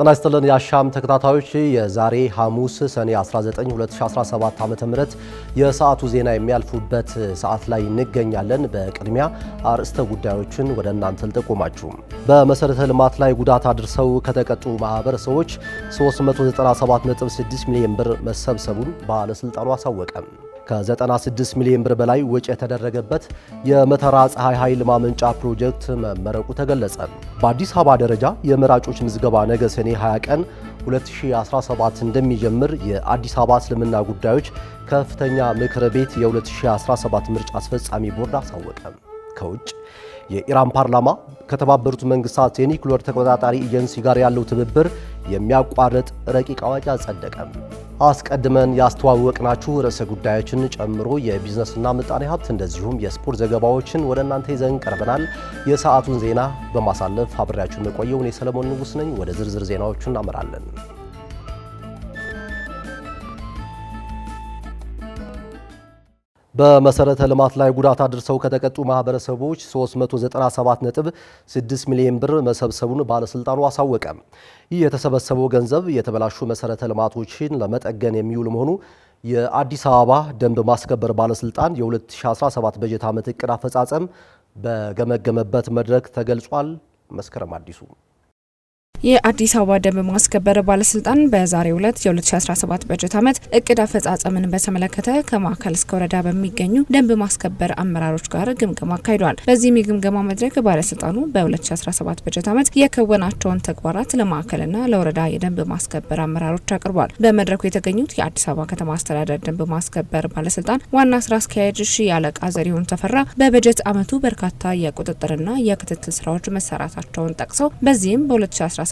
ጤና ይስጥልን የአሻም ተከታታዮች፣ የዛሬ ሐሙስ ሰኔ 19 2017 ዓ.ም የሰዓቱ ዜና የሚያልፉበት ሰዓት ላይ እንገኛለን። በቅድሚያ አርዕስተ ጉዳዮችን ወደ እናንተ ልጠቁማችሁ። በመሰረተ ልማት ላይ ጉዳት አድርሰው ከተቀጡ ማህበረሰቦች 397.6 ሚሊዮን ብር መሰብሰቡን ባለስልጣኑ አሳወቀ። ከ96 ሚሊዮን ብር በላይ ወጪ የተደረገበት የመተራ ፀሐይ ኃይል ማመንጫ ፕሮጀክት መመረቁ ተገለጸ። በአዲስ አበባ ደረጃ የመራጮች ምዝገባ ነገ ሰኔ 20 ቀን 2017 እንደሚጀምር የአዲስ አበባ እስልምና ጉዳዮች ከፍተኛ ምክር ቤት የ2017 ምርጫ አስፈጻሚ ቦርድ አሳወቀ። ከውጭ የኢራን ፓርላማ ከተባበሩት መንግስታት የኒውክሌር ተቆጣጣሪ ኤጀንሲ ጋር ያለው ትብብር የሚያቋርጥ ረቂቅ አዋጅ አጸደቀም። አስቀድመን ያስተዋወቅናችሁ ርዕሰ ጉዳዮችን ጨምሮ የቢዝነስና ምጣኔ ሀብት እንደዚሁም የስፖርት ዘገባዎችን ወደ እናንተ ይዘን ቀርበናል። የሰዓቱን ዜና በማሳለፍ አብሬያችሁን የቆየው እኔ ሰለሞን ንጉስ ነኝ። ወደ ዝርዝር ዜናዎቹ እናመራለን። በመሰረተ ልማት ላይ ጉዳት አድርሰው ከተቀጡ ማህበረሰቦች 397.6 ሚሊዮን ብር መሰብሰቡን ባለስልጣኑ አሳወቀ። ይህ የተሰበሰበው ገንዘብ የተበላሹ መሰረተ ልማቶችን ለመጠገን የሚውል መሆኑ የአዲስ አበባ ደንብ ማስከበር ባለስልጣን የ2017 በጀት ዓመት እቅድ አፈጻጸም በገመገመበት መድረክ ተገልጿል። መስከረም አዲሱ የአዲስ አበባ ደንብ ማስከበር ባለስልጣን በዛሬው ዕለት የ2017 በጀት ዓመት እቅድ አፈጻጸምን በተመለከተ ከማዕከል እስከ ወረዳ በሚገኙ ደንብ ማስከበር አመራሮች ጋር ግምገማ አካሂዷል። በዚህም የግምገማ መድረክ ባለስልጣኑ በ2017 በጀት ዓመት የከወናቸውን ተግባራት ለማዕከልና ለወረዳ የደንብ ማስከበር አመራሮች አቅርቧል። በመድረኩ የተገኙት የአዲስ አበባ ከተማ አስተዳደር ደንብ ማስከበር ባለስልጣን ዋና ስራ አስኪያጅ ሺ አለቃ ዘሪሁን ተፈራ በበጀት ዓመቱ በርካታ የቁጥጥርና የክትትል ስራዎች መሰራታቸውን ጠቅሰው በዚህም በ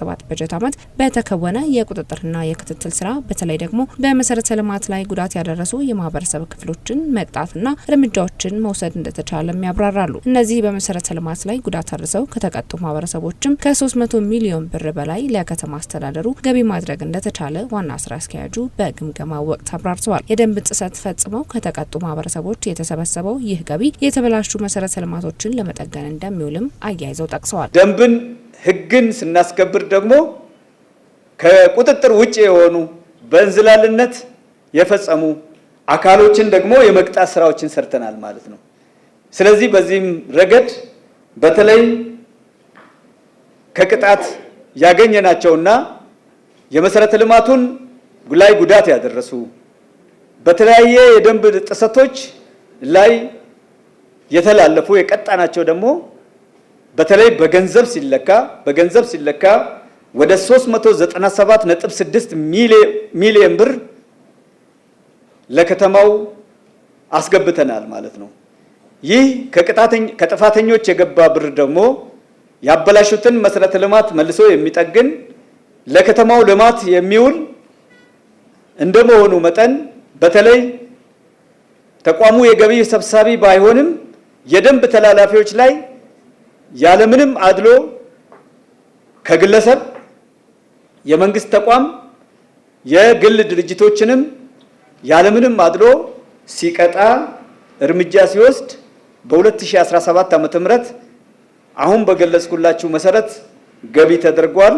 2017 በጀት ዓመት በተከወነ የቁጥጥርና የክትትል ስራ በተለይ ደግሞ በመሰረተ ልማት ላይ ጉዳት ያደረሱ የማህበረሰብ ክፍሎችን መቅጣትና እርምጃዎችን መውሰድ እንደተቻለም ያብራራሉ። እነዚህ በመሰረተ ልማት ላይ ጉዳት አድርሰው ከተቀጡ ማህበረሰቦችም ከ300 ሚሊዮን ብር በላይ ለከተማ አስተዳደሩ ገቢ ማድረግ እንደተቻለ ዋና ስራ አስኪያጁ በግምገማ ወቅት አብራርተዋል። የደንብ ጥሰት ፈጽመው ከተቀጡ ማህበረሰቦች የተሰበሰበው ይህ ገቢ የተበላሹ መሰረተ ልማቶችን ለመጠገን እንደሚውልም አያይዘው ጠቅሰዋል። ደንብን ህግን ስናስከብር ደግሞ ከቁጥጥር ውጭ የሆኑ በእንዝላልነት የፈጸሙ አካሎችን ደግሞ የመቅጣት ስራዎችን ሰርተናል ማለት ነው። ስለዚህ በዚህም ረገድ በተለይ ከቅጣት ያገኘናቸውና የመሰረተ ልማቱን ላይ ጉዳት ያደረሱ በተለያየ የደንብ ጥሰቶች ላይ የተላለፉ የቀጣናቸው ደግሞ በተለይ በገንዘብ ሲለካ በገንዘብ ሲለካ ወደ 397.6 ሚሊዮን ብር ለከተማው አስገብተናል ማለት ነው። ይህ ከጥፋተኞች የገባ ብር ደግሞ ያበላሹትን መሰረተ ልማት መልሶ የሚጠግን ለከተማው ልማት የሚውል እንደመሆኑ መጠን በተለይ ተቋሙ የገቢ ሰብሳቢ ባይሆንም የደንብ ተላላፊዎች ላይ ያለምንም አድሎ ከግለሰብ የመንግስት ተቋም የግል ድርጅቶችንም ያለምንም አድሎ ሲቀጣ እርምጃ ሲወስድ በ2017 ዓ.ም አሁን በገለጽኩላችሁ መሰረት ገቢ ተደርጓል።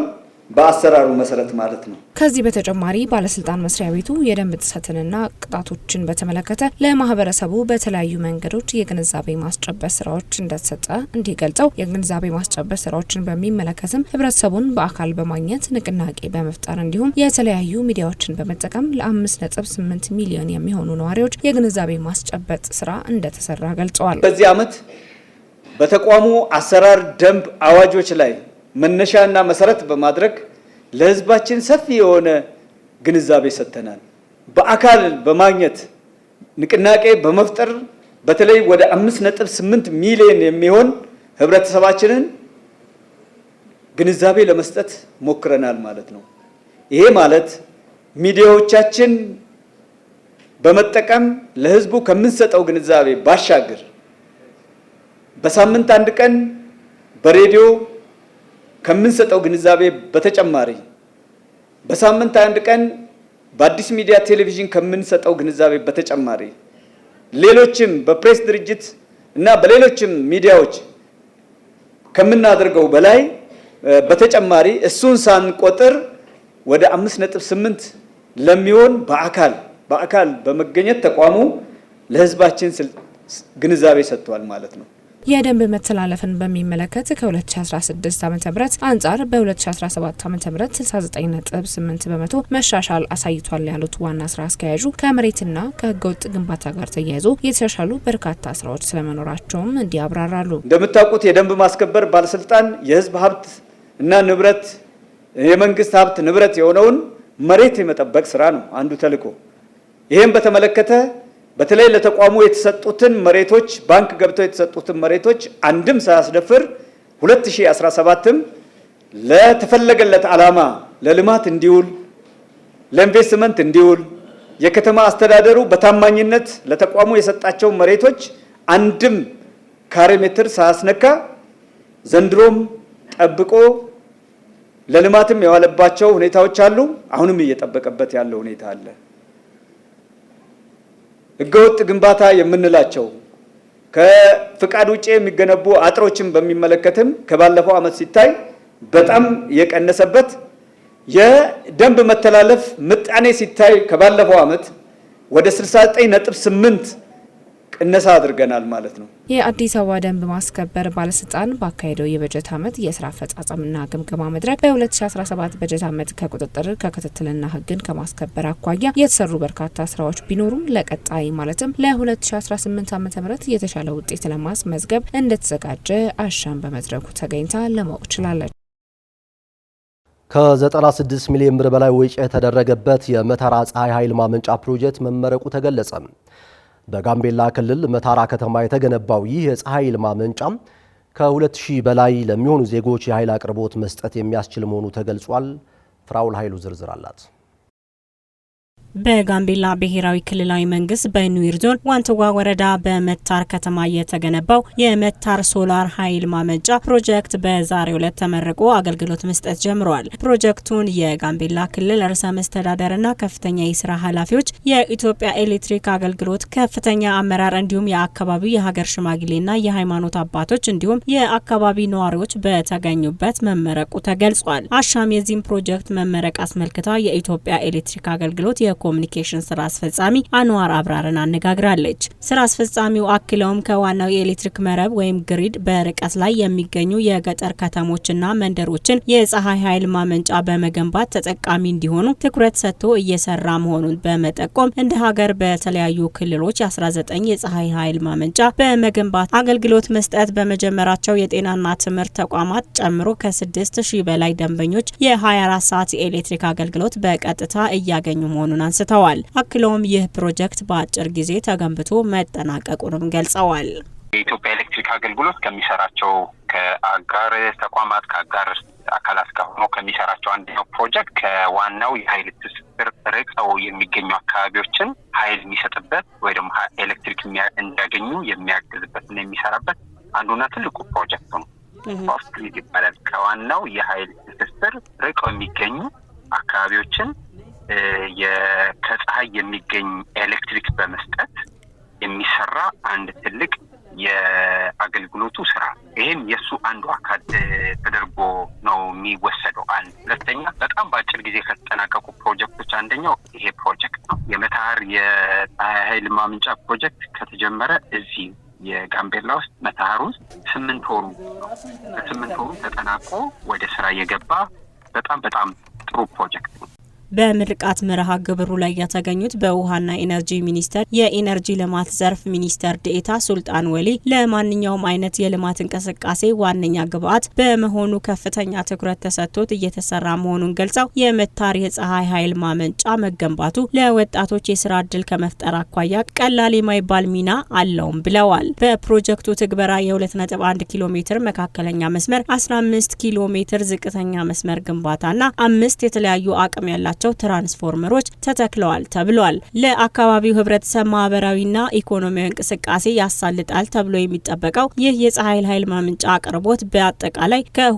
በአሰራሩ መሰረት ማለት ነው። ከዚህ በተጨማሪ ባለስልጣን መስሪያ ቤቱ የደንብ ጥሰትንና ቅጣቶችን በተመለከተ ለማህበረሰቡ በተለያዩ መንገዶች የግንዛቤ ማስጨበጥ ስራዎች እንደተሰጠ እንዲገልጸው የግንዛቤ ማስጨበት ስራዎችን በሚመለከትም ህብረተሰቡን በአካል በማግኘት ንቅናቄ በመፍጠር እንዲሁም የተለያዩ ሚዲያዎችን በመጠቀም ለአምስት ነጥብ ስምንት ሚሊዮን የሚሆኑ ነዋሪዎች የግንዛቤ ማስጨበጥ ስራ እንደተሰራ ገልጸዋል። በዚህ አመት በተቋሙ አሰራር ደንብ አዋጆች ላይ መነሻና መሰረት በማድረግ ለህዝባችን ሰፊ የሆነ ግንዛቤ ሰጥተናል። በአካል በማግኘት ንቅናቄ በመፍጠር በተለይ ወደ 5.8 ሚሊዮን የሚሆን ህብረተሰባችንን ግንዛቤ ለመስጠት ሞክረናል ማለት ነው። ይሄ ማለት ሚዲያዎቻችን በመጠቀም ለህዝቡ ከምንሰጠው ግንዛቤ ባሻገር በሳምንት አንድ ቀን በሬዲዮ ከምንሰጠው ግንዛቤ በተጨማሪ በሳምንት አንድ ቀን በአዲስ ሚዲያ ቴሌቪዥን ከምንሰጠው ግንዛቤ በተጨማሪ ሌሎችም በፕሬስ ድርጅት እና በሌሎችም ሚዲያዎች ከምናደርገው በላይ በተጨማሪ እሱን ሳንቆጥር ወደ 5.8 ለሚሆን በአካል በአካል በመገኘት ተቋሙ ለህዝባችን ግንዛቤ ሰጥቷል ማለት ነው። የደንብ መተላለፍን በሚመለከት ከ2016 ዓ ም አንጻር በ2017 ዓ ም 69.8 በመቶ መሻሻል አሳይቷል ያሉት ዋና ስራ አስኪያጁ ከመሬትና ከህገወጥ ግንባታ ጋር ተያይዞ የተሻሻሉ በርካታ ስራዎች ስለመኖራቸውም እንዲያብራራሉ። እንደምታውቁት የደንብ ማስከበር ባለስልጣን የህዝብ ሀብት እና ንብረት የመንግስት ሀብት ንብረት የሆነውን መሬት የመጠበቅ ስራ ነው አንዱ ተልዕኮ። ይህም በተመለከተ በተለይ ለተቋሙ የተሰጡትን መሬቶች ባንክ ገብተው የተሰጡትን መሬቶች አንድም ሳያስደፍር 2017ም ለተፈለገለት ዓላማ ለልማት እንዲውል ለኢንቨስትመንት እንዲውል የከተማ አስተዳደሩ በታማኝነት ለተቋሙ የሰጣቸው መሬቶች አንድም ካሬ ሜትር ሳያስነካ ዘንድሮም ጠብቆ ለልማትም የዋለባቸው ሁኔታዎች አሉ። አሁንም እየጠበቀበት ያለው ሁኔታ አለ። ህገወጥ ግንባታ የምንላቸው ከፍቃድ ውጭ የሚገነቡ አጥሮችን በሚመለከትም ከባለፈው ዓመት ሲታይ በጣም የቀነሰበት የደንብ መተላለፍ ምጣኔ ሲታይ ከባለፈው ዓመት ወደ 69.8 ቅነሳ አድርገናል ማለት ነው። የአዲስ አበባ ደንብ ማስከበር ባለስልጣን ባካሄደው የበጀት ዓመት የስራ አፈጻጸምና ግምገማ መድረክ በ2017 በጀት ዓመት ከቁጥጥር ከክትትልና ሕግን ከማስከበር አኳያ የተሰሩ በርካታ ስራዎች ቢኖሩም ለቀጣይ ማለትም ለ2018 ዓ ም የተሻለ ውጤት ለማስመዝገብ እንደተዘጋጀ አሻም በመድረኩ ተገኝታ ለማወቅ ችላለች። ከ96 ሚሊዮን ብር በላይ ወጪ የተደረገበት የመተራ ፀሐይ ኃይል ማመንጫ ፕሮጀክት መመረቁ ተገለጸ። በጋምቤላ ክልል መታራ ከተማ የተገነባው ይህ የፀሐይ ማመንጫ ከ2 በላይ ለሚሆኑ ዜጎች የኃይል አቅርቦት መስጠት የሚያስችል መሆኑ ተገልጿል። ፍራውል ኃይሉ ዝርዝር አላት። በጋምቤላ ብሔራዊ ክልላዊ መንግስት በኑዌር ዞን ዋንትዋ ወረዳ በመታር ከተማ የተገነባው የመታር ሶላር ኃይል ማመንጫ ፕሮጀክት በዛሬው ዕለት ተመርቆ አገልግሎት መስጠት ጀምረዋል። ፕሮጀክቱን የጋምቤላ ክልል ርዕሰ መስተዳደርና ከፍተኛ የስራ ኃላፊዎች፣ የኢትዮጵያ ኤሌክትሪክ አገልግሎት ከፍተኛ አመራር እንዲሁም የአካባቢው የሀገር ሽማግሌና የሃይማኖት አባቶች እንዲሁም የአካባቢ ነዋሪዎች በተገኙበት መመረቁ ተገልጿል። አሻም የዚህም ፕሮጀክት መመረቅ አስመልክታ የኢትዮጵያ ኤሌክትሪክ አገልግሎት ኮሚኒኬሽን ስራ አስፈጻሚ አንዋር አብራርን አነጋግራለች። ስራ አስፈጻሚው አክለውም ከዋናው የኤሌክትሪክ መረብ ወይም ግሪድ በርቀት ላይ የሚገኙ የገጠር ከተሞችና መንደሮችን የፀሐይ ኃይል ማመንጫ በመገንባት ተጠቃሚ እንዲሆኑ ትኩረት ሰጥቶ እየሰራ መሆኑን በመጠቆም እንደ ሀገር በተለያዩ ክልሎች 19 የፀሐይ ኃይል ማመንጫ በመገንባት አገልግሎት መስጠት በመጀመራቸው የጤናና ትምህርት ተቋማት ጨምሮ ከ6000 6 በላይ ደንበኞች የ24 ሰዓት የኤሌክትሪክ አገልግሎት በቀጥታ እያገኙ መሆኑን አንስተዋል። አክለውም ይህ ፕሮጀክት በአጭር ጊዜ ተገንብቶ መጠናቀቁንም ገልጸዋል። የኢትዮጵያ ኤሌክትሪክ አገልግሎት ከሚሰራቸው ከአጋር ተቋማት ከአጋር አካላት ጋር ሆኖ ከሚሰራቸው አንደኛው ፕሮጀክት ከዋናው የኃይል ትስስር ርቀው የሚገኙ አካባቢዎችን ኃይል የሚሰጥበት ወይ ደግሞ ኤሌክትሪክ እንዲያገኙ እና የሚሰራበት አንዱና ትልቁ ፕሮጀክት ነው። ኦፍግሪድ ይባላል። ከዋናው የኃይል ትስስር ርቀው የሚገኙ አካባቢዎችን ከፀሐይ የሚገኝ ኤሌክትሪክ በመስጠት የሚሰራ አንድ ትልቅ የአገልግሎቱ ስራ ይህም የእሱ አንዱ አካል ተደርጎ ነው የሚወሰደው። አንድ ሁለተኛ፣ በጣም በአጭር ጊዜ ከተጠናቀቁ ፕሮጀክቶች አንደኛው ይሄ ፕሮጀክት ነው። የመተሃር የፀሐይ ኃይል ማምንጫ ፕሮጀክት ከተጀመረ እዚህ የጋምቤላ ውስጥ መተሃር ውስጥ ስምንት ወሩ ነው። ስምንት ወሩ ተጠናቆ ወደ ስራ የገባ በጣም በጣም ጥሩ ፕሮጀክት ነው። በምርቃት መርሃ ግብሩ ላይ የተገኙት በውሃና ኢነርጂ ሚኒስቴር የኢነርጂ ልማት ዘርፍ ሚኒስተር ዴኤታ ሱልጣን ወሊ ለማንኛውም አይነት የልማት እንቅስቃሴ ዋነኛ ግብዓት በመሆኑ ከፍተኛ ትኩረት ተሰጥቶት እየተሰራ መሆኑን ገልጸው የመታር የፀሐይ ኃይል ማመንጫ መገንባቱ ለወጣቶች የስራ እድል ከመፍጠር አኳያ ቀላል የማይባል ሚና አለውም ብለዋል። በፕሮጀክቱ ትግበራ የ2.1 ኪሎ ሜትር መካከለኛ መስመር፣ 15 ኪሎ ሜትር ዝቅተኛ መስመር ግንባታና አምስት የተለያዩ አቅም ያላቸው ያላቸው ትራንስፎርመሮች ተተክለዋል ተብሏል። ለአካባቢው ህብረተሰብ ማህበራዊና ኢኮኖሚያዊ እንቅስቃሴ ያሳልጣል ተብሎ የሚጠበቀው ይህ የፀሐይ ኃይል ማመንጫ አቅርቦት በአጠቃላይ ከ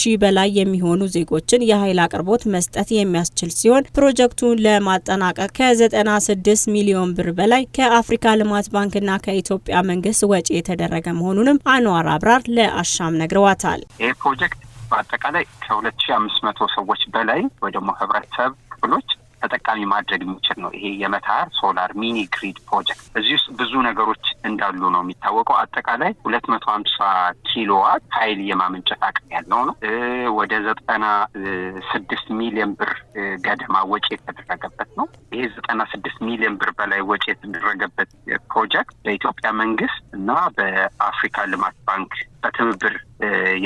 ሺህ በላይ የሚሆኑ ዜጎችን የኃይል አቅርቦት መስጠት የሚያስችል ሲሆን ፕሮጀክቱን ለማጠናቀቅ ከ96 ሚሊዮን ብር በላይ ከአፍሪካ ልማት ባንክና ከኢትዮጵያ መንግስት ወጪ የተደረገ መሆኑንም አንዋር አብራር ለአሻም ነግረዋታል። ይህ ፕሮጀክት በአጠቃላይ ከሁለት ሺ አምስት መቶ ሰዎች በላይ ወይ ደግሞ ህብረተሰብ ክፍሎች ተጠቃሚ ማድረግ የሚችል ነው። ይሄ የመታር ሶላር ሚኒ ግሪድ ፕሮጀክት እዚህ ውስጥ ብዙ ነገሮች እንዳሉ ነው የሚታወቀው። አጠቃላይ ሁለት መቶ ሀምሳ ኪሎዋት ኃይል የማመንጨት አቅም ያለው ነው። ወደ ዘጠና ስድስት ሚሊዮን ብር ገደማ ወጪ የተደረገበት ነው። ይሄ ዘጠና ስድስት ሚሊዮን ብር በላይ ወጪ የተደረገበት ፕሮጀክት በኢትዮጵያ መንግስት እና በአፍሪካ ልማት ባንክ በትብብር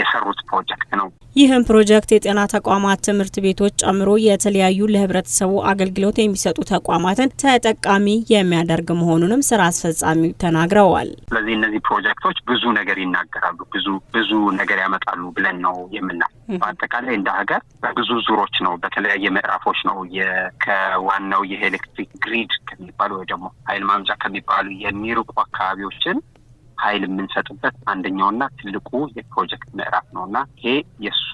የሰሩት ፕሮጀክት ነው። ይህም ፕሮጀክት የጤና ተቋማት፣ ትምህርት ቤቶች ጨምሮ የተለያዩ ለህብረተሰቡ አገልግሎት የሚሰጡ ተቋማትን ተጠቃሚ የሚያደርግ መሆኑንም ስራ አስፈጻሚው ተናግረዋል። ስለዚህ እነዚህ ፕሮጀክቶች ብዙ ነገር ይናገራሉ፣ ብዙ ብዙ ነገር ያመጣሉ ብለን ነው የምና በአጠቃላይ እንደ ሀገር በብዙ ዙሮች ነው በተለያየ ምዕራፎች ነው ከዋናው የኤሌክትሪክ ግሪድ ከሚባሉ ወይ ደግሞ ኃይል ማምጫ ከሚባሉ የሚርቁ አካባቢዎችን ኃይል የምንሰጥበት አንደኛውና ትልቁ የፕሮጀክት ምዕራፍ ነው እና ይሄ የእሱ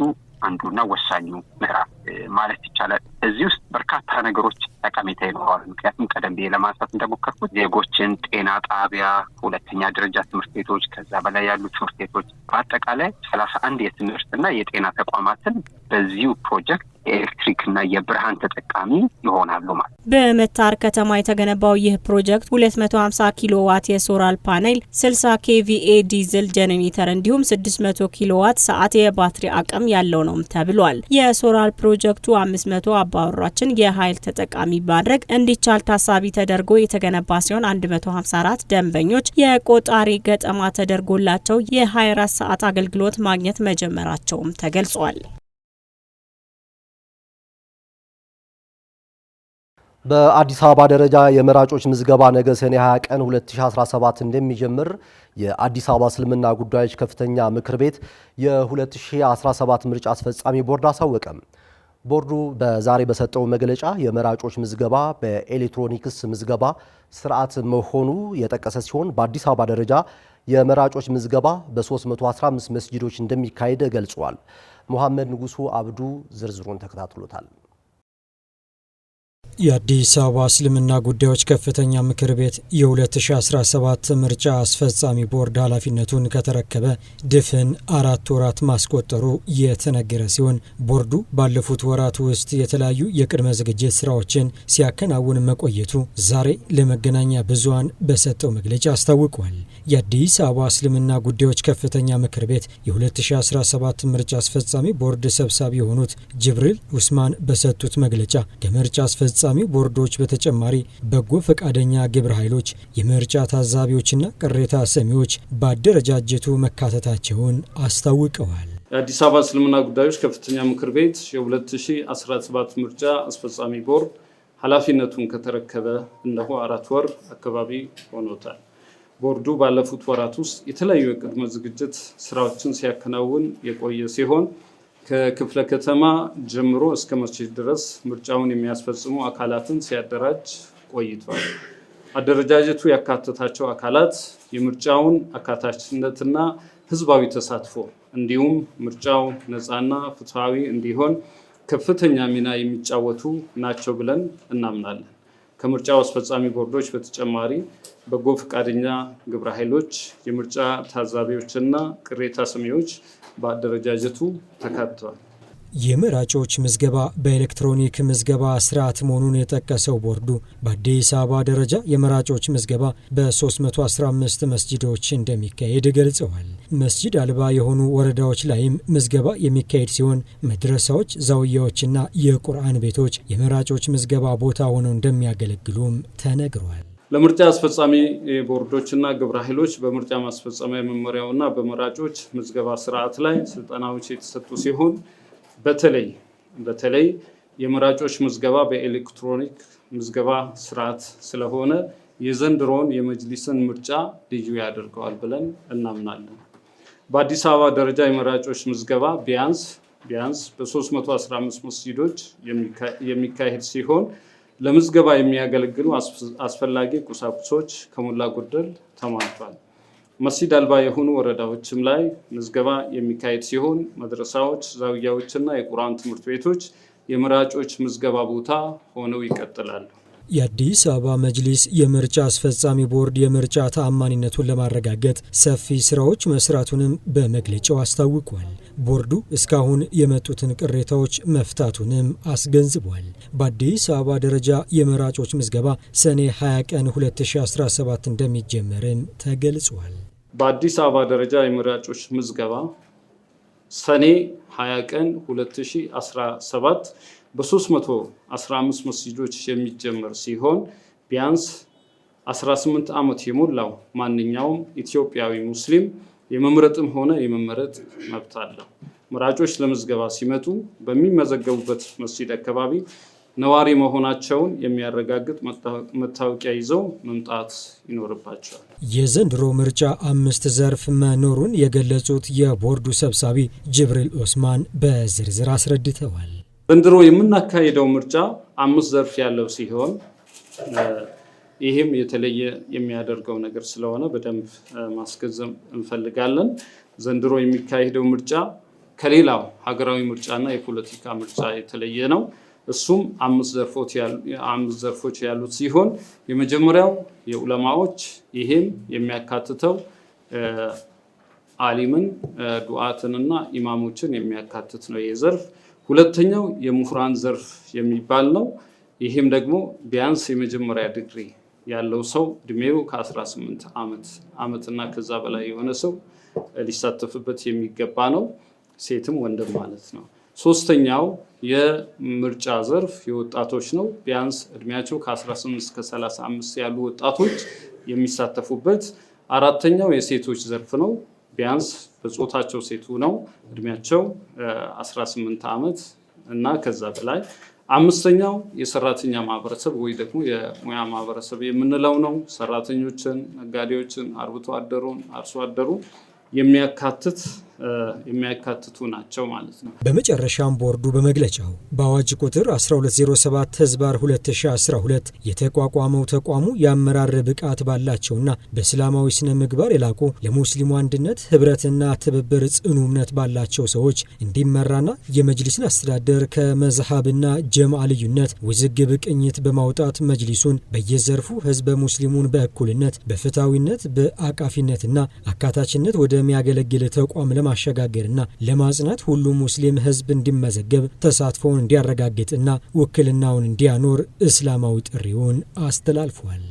አንዱና ወሳኙ ምዕራፍ ማለት ይቻላል። እዚህ ውስጥ በርካታ ነገሮች ጠቀሜታ ይኖረዋል። ምክንያቱም ቀደም ብዬ ለማንሳት እንደሞከርኩት ዜጎችን ጤና ጣቢያ፣ ሁለተኛ ደረጃ ትምህርት ቤቶች፣ ከዛ በላይ ያሉ ትምህርት ቤቶች በአጠቃላይ ሰላሳ አንድ የትምህርትና የጤና ተቋማትን በዚሁ ፕሮጀክት የኤሌክትሪክና የብርሃን ተጠቃሚ ይሆናሉ ማለት። በመታር ከተማ የተገነባው ይህ ፕሮጀክት 250 ኪሎዋት ዋት የሶራል ፓኔል፣ 60 ኬቪኤ ዲዝል ጄኔሬተር እንዲሁም 600 ኪሎዋት ሰዓት የባትሪ አቅም ያለው ነው ተብሏል። የሶራል ፕሮጀክቱ 500 አባወራችን የኃይል ተጠቃሚ ማድረግ እንዲቻል ታሳቢ ተደርጎ የተገነባ ሲሆን 154 ደንበኞች የቆጣሪ ገጠማ ተደርጎላቸው የ24 ሰዓት አገልግሎት ማግኘት መጀመራቸውም ተገልጿል። በአዲስ አበባ ደረጃ የመራጮች ምዝገባ ነገ ሰኔ 20 ቀን 2017 እንደሚጀምር የአዲስ አበባ እስልምና ጉዳዮች ከፍተኛ ምክር ቤት የ2017 ምርጫ አስፈጻሚ ቦርድ አሳወቀም። ቦርዱ በዛሬ በሰጠው መግለጫ የመራጮች ምዝገባ በኤሌክትሮኒክስ ምዝገባ ስርዓት መሆኑ የጠቀሰ ሲሆን በአዲስ አበባ ደረጃ የመራጮች ምዝገባ በ315 መስጂዶች እንደሚካሄድ ገልጿል። መሐመድ ንጉሱ አብዱ ዝርዝሩን ተከታትሎታል። የአዲስ አበባ እስልምና ጉዳዮች ከፍተኛ ምክር ቤት የ2017 ምርጫ አስፈጻሚ ቦርድ ኃላፊነቱን ከተረከበ ድፍን አራት ወራት ማስቆጠሩ የተነገረ ሲሆን ቦርዱ ባለፉት ወራት ውስጥ የተለያዩ የቅድመ ዝግጅት ስራዎችን ሲያከናውን መቆየቱ ዛሬ ለመገናኛ ብዙኃን በሰጠው መግለጫ አስታውቋል። የአዲስ አበባ እስልምና ጉዳዮች ከፍተኛ ምክር ቤት የ2017 ምርጫ አስፈጻሚ ቦርድ ሰብሳቢ የሆኑት ጅብሪል ኡስማን በሰጡት መግለጫ ከምርጫ አስፈጻ አስፈጻሚ ቦርዶች በተጨማሪ በጎ ፈቃደኛ ግብረ ኃይሎች፣ የምርጫ ታዛቢዎችና ቅሬታ ሰሚዎች በአደረጃጀቱ መካተታቸውን አስታውቀዋል። የአዲስ አበባ እስልምና ጉዳዮች ከፍተኛ ምክር ቤት የ2017 ምርጫ አስፈጻሚ ቦርድ ኃላፊነቱን ከተረከበ እነሆ አራት ወር አካባቢ ሆኖታል። ቦርዱ ባለፉት ወራት ውስጥ የተለያዩ የቅድመ ዝግጅት ስራዎችን ሲያከናውን የቆየ ሲሆን ከክፍለ ከተማ ጀምሮ እስከ መስጂድ ድረስ ምርጫውን የሚያስፈጽሙ አካላትን ሲያደራጅ ቆይቷል። አደረጃጀቱ ያካተታቸው አካላት የምርጫውን አካታችነትና ህዝባዊ ተሳትፎ እንዲሁም ምርጫው ነፃና ፍትሐዊ እንዲሆን ከፍተኛ ሚና የሚጫወቱ ናቸው ብለን እናምናለን። ከምርጫው አስፈጻሚ ቦርዶች በተጨማሪ በጎ ፈቃደኛ ግብረ ኃይሎች፣ የምርጫ ታዛቢዎችና ቅሬታ ሰሚዎች በአደረጃጀቱ ተካትቷል። የመራጮች ምዝገባ በኤሌክትሮኒክ ምዝገባ ስርዓት መሆኑን የጠቀሰው ቦርዱ በአዲስ አበባ ደረጃ የመራጮች ምዝገባ በ315 መስጂዶች እንደሚካሄድ ገልጸዋል። መስጂድ አልባ የሆኑ ወረዳዎች ላይም ምዝገባ የሚካሄድ ሲሆን መድረሳዎች፣ ዛውያዎችና የቁርአን ቤቶች የመራጮች ምዝገባ ቦታ ሆነው እንደሚያገለግሉም ተነግሯል። ለምርጫ አስፈጻሚ ቦርዶችና ግብረ ኃይሎች በምርጫ ማስፈጸሚያ መመሪያውና በመራጮች ምዝገባ ስርዓት ላይ ስልጠናዎች የተሰጡ ሲሆን በተለይ በተለይ የመራጮች ምዝገባ በኤሌክትሮኒክ ምዝገባ ስርዓት ስለሆነ የዘንድሮውን የመጅሊስን ምርጫ ልዩ ያደርገዋል ብለን እናምናለን። በአዲስ አበባ ደረጃ የመራጮች ምዝገባ ቢያንስ ቢያንስ በ315 መስጂዶች የሚካሄድ ሲሆን ለምዝገባ የሚያገለግሉ አስፈላጊ ቁሳቁሶች ከሞላ ጎደል ተሟልቷል። መስጂድ አልባ የሆኑ ወረዳዎችም ላይ ምዝገባ የሚካሄድ ሲሆን መድረሳዎች፣ ዛውያዎችና የቁርአን ትምህርት ቤቶች የመራጮች ምዝገባ ቦታ ሆነው ይቀጥላሉ። የአዲስ አበባ መጅሊስ የምርጫ አስፈጻሚ ቦርድ የምርጫ ተአማኒነቱን ለማረጋገጥ ሰፊ ስራዎች መስራቱንም በመግለጫው አስታውቋል። ቦርዱ እስካሁን የመጡትን ቅሬታዎች መፍታቱንም አስገንዝቧል። በአዲስ አበባ ደረጃ የመራጮች ምዝገባ ሰኔ 20 ቀን 2017 እንደሚጀመርም ተገልጿል። በአዲስ አበባ ደረጃ የመራጮች ምዝገባ ሰኔ 20 ቀን 2017 በ315 መስጂዶች የሚጀመር ሲሆን ቢያንስ 18 ዓመት የሞላው ማንኛውም ኢትዮጵያዊ ሙስሊም የመምረጥም ሆነ የመመረጥ መብት አለው። መራጮች ለምዝገባ ሲመጡ በሚመዘገቡበት መስጂድ አካባቢ ነዋሪ መሆናቸውን የሚያረጋግጥ መታወቂያ ይዘው መምጣት ይኖርባቸዋል። የዘንድሮ ምርጫ አምስት ዘርፍ መኖሩን የገለጹት የቦርዱ ሰብሳቢ ጅብሪል ኦስማን በዝርዝር አስረድተዋል። ዘንድሮ የምናካሄደው ምርጫ አምስት ዘርፍ ያለው ሲሆን ይህም የተለየ የሚያደርገው ነገር ስለሆነ በደንብ ማስገንዘብ እንፈልጋለን። ዘንድሮ የሚካሄደው ምርጫ ከሌላው ሀገራዊ ምርጫና የፖለቲካ ምርጫ የተለየ ነው። እሱም አምስት ዘርፎች ያሉት ሲሆን የመጀመሪያው የዑለማዎች ይህም የሚያካትተው አሊምን ዱዓትንና ኢማሞችን የሚያካትት ነው። ይህ ዘርፍ ሁለተኛው የምሁራን ዘርፍ የሚባል ነው። ይህም ደግሞ ቢያንስ የመጀመሪያ ዲግሪ ያለው ሰው እድሜው ከ18 ዓመት ዓመትና ከዛ በላይ የሆነ ሰው ሊሳተፍበት የሚገባ ነው። ሴትም ወንድም ማለት ነው። ሶስተኛው የምርጫ ዘርፍ የወጣቶች ነው። ቢያንስ እድሜያቸው ከ18 እስከ 35 ያሉ ወጣቶች የሚሳተፉበት። አራተኛው የሴቶች ዘርፍ ነው። ቢያንስ በጾታቸው ሴቱ ነው እድሜያቸው 18 ዓመት እና ከዛ በላይ። አምስተኛው የሰራተኛ ማህበረሰብ ወይ ደግሞ የሙያ ማህበረሰብ የምንለው ነው። ሰራተኞችን፣ ነጋዴዎችን፣ አርብቶ አደሩን፣ አርሶ አደሩ የሚያካትት የሚያካትቱ ናቸው ማለት ነው። በመጨረሻም ቦርዱ በመግለጫው በአዋጅ ቁጥር 1207 ህዝባር 2012 የተቋቋመው ተቋሙ የአመራር ብቃት ባላቸውና በእስላማዊ ስነ ምግባር የላቁ ለሙስሊሙ አንድነት ህብረትና ትብብር ጽኑ እምነት ባላቸው ሰዎች እንዲመራና የመጅሊስን አስተዳደር ከመዝሀብና ጀምዓ ልዩነት ውዝግብ ቅኝት በማውጣት መጅሊሱን በየዘርፉ ህዝበ ሙስሊሙን በእኩልነት በፍትሐዊነት በአቃፊነትና አካታችነት ወደሚያገለግል ተቋም ለማሸጋገርና ለማጽናት ሁሉም ሙስሊም ህዝብ እንዲመዘገብ ተሳትፎውን እንዲያረጋግጥና ውክልናውን እንዲያኖር እስላማዊ ጥሪውን አስተላልፏል።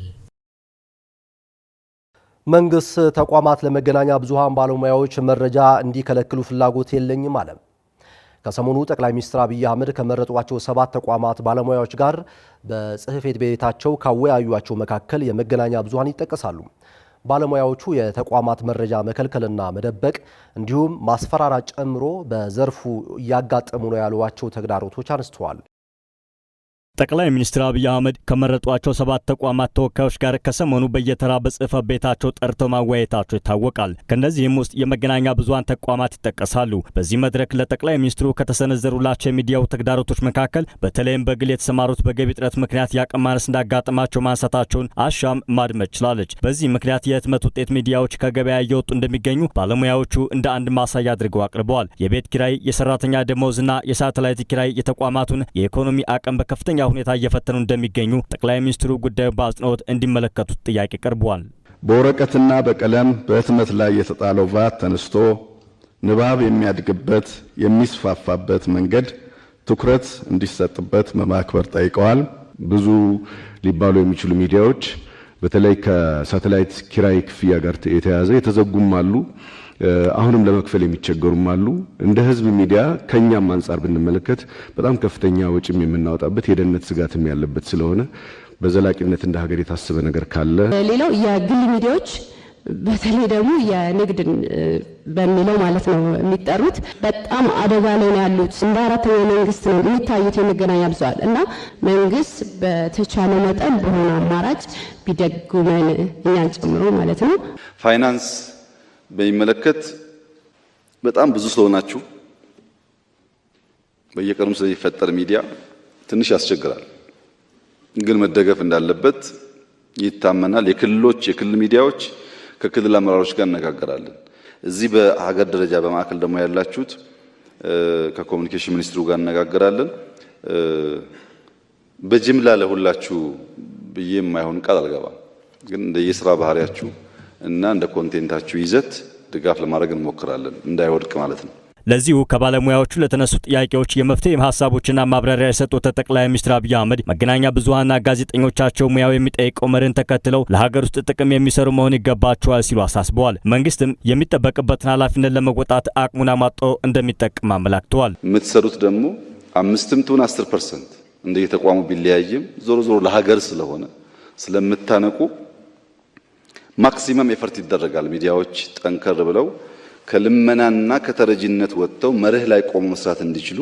መንግስት ተቋማት ለመገናኛ ብዙሃን ባለሙያዎች መረጃ እንዲከለክሉ ፍላጎት የለኝም አለ። ከሰሞኑ ጠቅላይ ሚኒስትር አብይ አህመድ ከመረጧቸው ሰባት ተቋማት ባለሙያዎች ጋር በጽህፈት ቤታቸው ካወያዩቸው መካከል የመገናኛ ብዙሃን ይጠቀሳሉ። ባለሙያዎቹ የተቋማት መረጃ መከልከልና መደበቅ እንዲሁም ማስፈራራ ጨምሮ በዘርፉ እያጋጠሙ ነው ያሏቸው ተግዳሮቶች አንስተዋል። ጠቅላይ ሚኒስትር አብይ አህመድ ከመረጧቸው ሰባት ተቋማት ተወካዮች ጋር ከሰሞኑ በየተራ በጽህፈት ቤታቸው ጠርተው ማወያየታቸው ይታወቃል። ከእነዚህም ውስጥ የመገናኛ ብዙሀን ተቋማት ይጠቀሳሉ። በዚህ መድረክ ለጠቅላይ ሚኒስትሩ ከተሰነዘሩላቸው የሚዲያው ተግዳሮቶች መካከል በተለይም በግል የተሰማሩት በገቢ እጥረት ምክንያት የአቅም ማነስ እንዳጋጠማቸው ማንሳታቸውን አሻም ማድመጥ ችላለች። በዚህ ምክንያት የህትመት ውጤት ሚዲያዎች ከገበያ እየወጡ እንደሚገኙ ባለሙያዎቹ እንደ አንድ ማሳያ አድርገው አቅርበዋል። የቤት ኪራይ፣ የሰራተኛ ደመወዝና የሳተላይት ኪራይ የተቋማቱን የኢኮኖሚ አቅም በከፍተኛ ሁኔታ እየፈተኑ እንደሚገኙ ጠቅላይ ሚኒስትሩ ጉዳዩ በአጽንኦት እንዲመለከቱት ጥያቄ ቀርቧል። በወረቀትና በቀለም በህትመት ላይ የተጣለው ቫት ተነስቶ ንባብ የሚያድግበት የሚስፋፋበት መንገድ ትኩረት እንዲሰጥበት መማክበር ጠይቀዋል። ብዙ ሊባሉ የሚችሉ ሚዲያዎች በተለይ ከሳተላይት ኪራይ ክፍያ ጋር የተያዘ የተዘጉም አሉ። አሁንም ለመክፈል የሚቸገሩም አሉ። እንደ ህዝብ ሚዲያ ከኛም አንጻር ብንመለከት በጣም ከፍተኛ ወጪም የምናወጣበት የደህንነት ስጋትም ያለበት ስለሆነ በዘላቂነት እንደ ሀገር የታሰበ ነገር ካለ ሌላው የግል ሚዲያዎች በተለይ ደግሞ የንግድን በሚለው ማለት ነው የሚጠሩት በጣም አደጋ ላይ ነው ያሉት። እንደ አራተኛ መንግስት ነው የሚታዩት የመገናኛ ብዙኃን እና መንግስት በተቻለ መጠን በሆነ አማራጭ ቢደጉመን እኛን ጨምሮ ማለት ነው ፋይናንስ በሚመለከት በጣም ብዙ ስለሆናችሁ በየቀኑም ስለሚፈጠር ሚዲያ ትንሽ ያስቸግራል፣ ግን መደገፍ እንዳለበት ይታመናል። የክልሎች የክልል ሚዲያዎች ከክልል አመራሮች ጋር እነጋገራለን። እዚህ በሀገር ደረጃ በማዕከል ደግሞ ያላችሁት ከኮሚኒኬሽን ሚኒስትሩ ጋር እነጋገራለን። በጅምላ ለሁላችሁ ብዬ የማይሆን ቃል አልገባም፣ ግን እንደየስራ ባህሪያችሁ እና እንደ ኮንቴንታችሁ ይዘት ድጋፍ ለማድረግ እንሞክራለን፣ እንዳይወድቅ ማለት ነው። ለዚሁ ከባለሙያዎቹ ለተነሱ ጥያቄዎች የመፍትሄ ሀሳቦችና ማብራሪያ የሰጡት ጠቅላይ ሚኒስትር አብይ አህመድ መገናኛ ብዙኃንና ጋዜጠኞቻቸው ሙያው የሚጠይቀው መርህን ተከትለው ለሀገር ውስጥ ጥቅም የሚሰሩ መሆን ይገባቸዋል ሲሉ አሳስበዋል። መንግስትም የሚጠበቅበትን ኃላፊነት ለመወጣት አቅሙን አሟጦ እንደሚጠቅም አመላክተዋል። የምትሰሩት ደግሞ አምስትም ትሁን አስር ፐርሰንት እንደየተቋሙ ቢለያይም ዞሮ ዞሮ ለሀገር ስለሆነ ስለምታነቁ ማክሲመም ኤፈርት ይደረጋል። ሚዲያዎች ጠንከር ብለው ከልመናና ከተረጂነት ወጥተው መርህ ላይ ቆሞ መስራት እንዲችሉ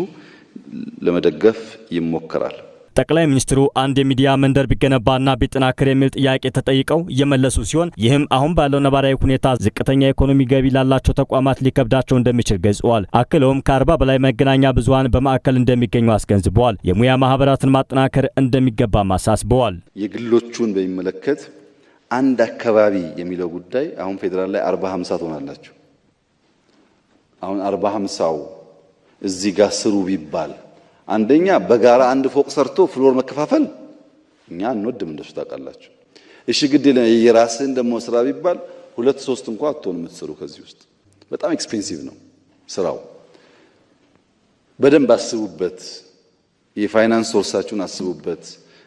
ለመደገፍ ይሞከራል። ጠቅላይ ሚኒስትሩ አንድ የሚዲያ መንደር ቢገነባና ቢጠናከር የሚል ጥያቄ ተጠይቀው የመለሱ ሲሆን ይህም አሁን ባለው ነባራዊ ሁኔታ ዝቅተኛ ኢኮኖሚ ገቢ ላላቸው ተቋማት ሊከብዳቸው እንደሚችል ገልጸዋል። አክለውም ከአርባ በላይ መገናኛ ብዙሀን በማዕከል እንደሚገኙ አስገንዝበዋል። የሙያ ማህበራትን ማጠናከር እንደሚገባም አሳስበዋል። የግሎቹን በሚመለከት አንድ አካባቢ የሚለው ጉዳይ አሁን ፌዴራል ላይ አርባ ሀምሳ ትሆናላችሁ። አሁን አርባ ሀምሳው እዚህ ጋር ስሩ ቢባል አንደኛ በጋራ አንድ ፎቅ ሰርቶ ፍሎር መከፋፈል እኛ እንወድም፣ እንደሱ ታውቃላችሁ። እሺ ግድ የራስህን ደግሞ ስራ ቢባል ሁለት ሶስት እንኳ አትሆን የምትሰሩ ከዚህ ውስጥ በጣም ኤክስፔንሲቭ ነው ስራው። በደንብ አስቡበት፣ የፋይናንስ ሶርሳችሁን አስቡበት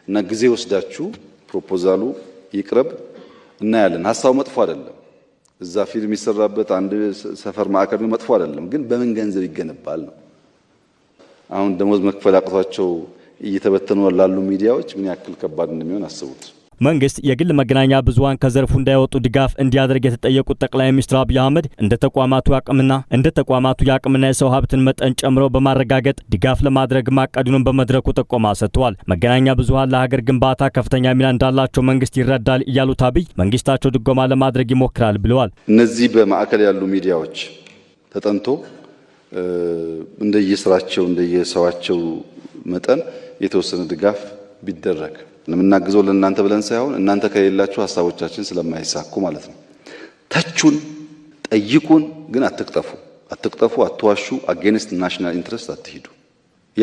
እና ጊዜ ወስዳችሁ ፕሮፖዛሉ ይቅረብ። እናያለን። ሀሳቡ መጥፎ አይደለም። እዛ ፊልም ይሰራበት አንድ ሰፈር ማዕከል ነው፣ መጥፎ አይደለም። ግን በምን ገንዘብ ይገነባል ነው። አሁን ደሞዝ መክፈል አቅቷቸው እየተበተኑ ላሉ ሚዲያዎች ምን ያክል ከባድ እንደሚሆን አስቡት። መንግስት የግል መገናኛ ብዙሃን ከዘርፉ እንዳይወጡ ድጋፍ እንዲያደርግ የተጠየቁት ጠቅላይ ሚኒስትር አብይ አህመድ እንደ ተቋማቱ አቅምና እንደ ተቋማቱ የአቅምና የሰው ሀብትን መጠን ጨምሮ በማረጋገጥ ድጋፍ ለማድረግ ማቀዱንም በመድረኩ ጥቆማ ሰጥተዋል። መገናኛ ብዙሃን ለሀገር ግንባታ ከፍተኛ ሚና እንዳላቸው መንግስት ይረዳል እያሉት አብይ መንግስታቸው ድጎማ ለማድረግ ይሞክራል ብለዋል። እነዚህ በማዕከል ያሉ ሚዲያዎች ተጠንቶ እንደየስራቸው እንደየሰዋቸው መጠን የተወሰነ ድጋፍ ቢደረግ የምናግዘው ለእናንተ ብለን ሳይሆን እናንተ ከሌላችሁ ሀሳቦቻችን ስለማይሳኩ ማለት ነው። ተቹን፣ ጠይቁን፣ ግን አትቅጠፉ፣ አትቅጠፉ፣ አትዋሹ። አጌንስት ናሽናል ኢንትረስት አትሂዱ።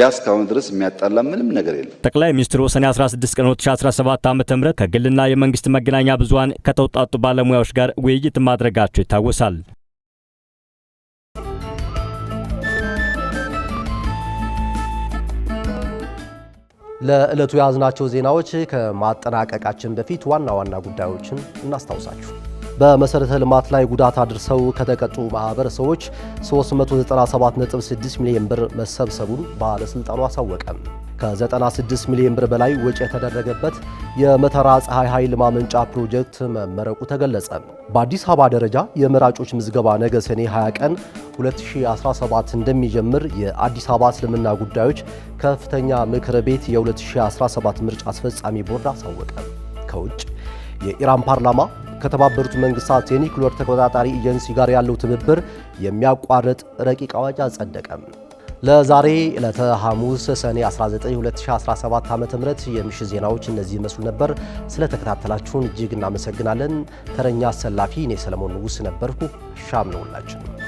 ያ እስካሁን ድረስ የሚያጣላ ምንም ነገር የለም። ጠቅላይ ሚኒስትሩ ሰኔ 16 ቀን 2017 ዓ ም ከግልና የመንግስት መገናኛ ብዙሀን ከተውጣጡ ባለሙያዎች ጋር ውይይት ማድረጋቸው ይታወሳል። ለዕለቱ የያዝናቸው ዜናዎች ከማጠናቀቃችን በፊት ዋና ዋና ጉዳዮችን እናስታውሳችሁ። በመሰረተ ልማት ላይ ጉዳት አድርሰው ከተቀጡ ማህበረሰቦች 397.6 ሚሊዮን ብር መሰብሰቡን ባለስልጣኑ አሳወቀም። ከ96 ሚሊዮን ብር በላይ ወጪ የተደረገበት የመተራ ፀሐይ ኃይል ማመንጫ ፕሮጀክት መመረቁ ተገለጸ። በአዲስ አበባ ደረጃ የመራጮች ምዝገባ ነገ ሰኔ 20 ቀን 2017 እንደሚጀምር የአዲስ አበባ እስልምና ጉዳዮች ከፍተኛ ምክር ቤት የ2017 ምርጫ አስፈጻሚ ቦርድ አሳወቀ። ከውጭ የኢራን ፓርላማ ከተባበሩት መንግስታት የኒውክሌር ተቆጣጣሪ ኤጀንሲ ጋር ያለው ትብብር የሚያቋርጥ ረቂቅ አዋጅ አጸደቀም። ለዛሬ ዕለተ ሐሙስ ሰኔ 19 2017 ዓ.ም የምሽት ዜናዎች እነዚህ ይመስሉ ነበር። ስለተከታተላችሁን እጅግ እናመሰግናለን። ተረኛ አሰላፊ እኔ ሰለሞን ንጉሥ ነበርኩ። ሻም ነውላችሁ።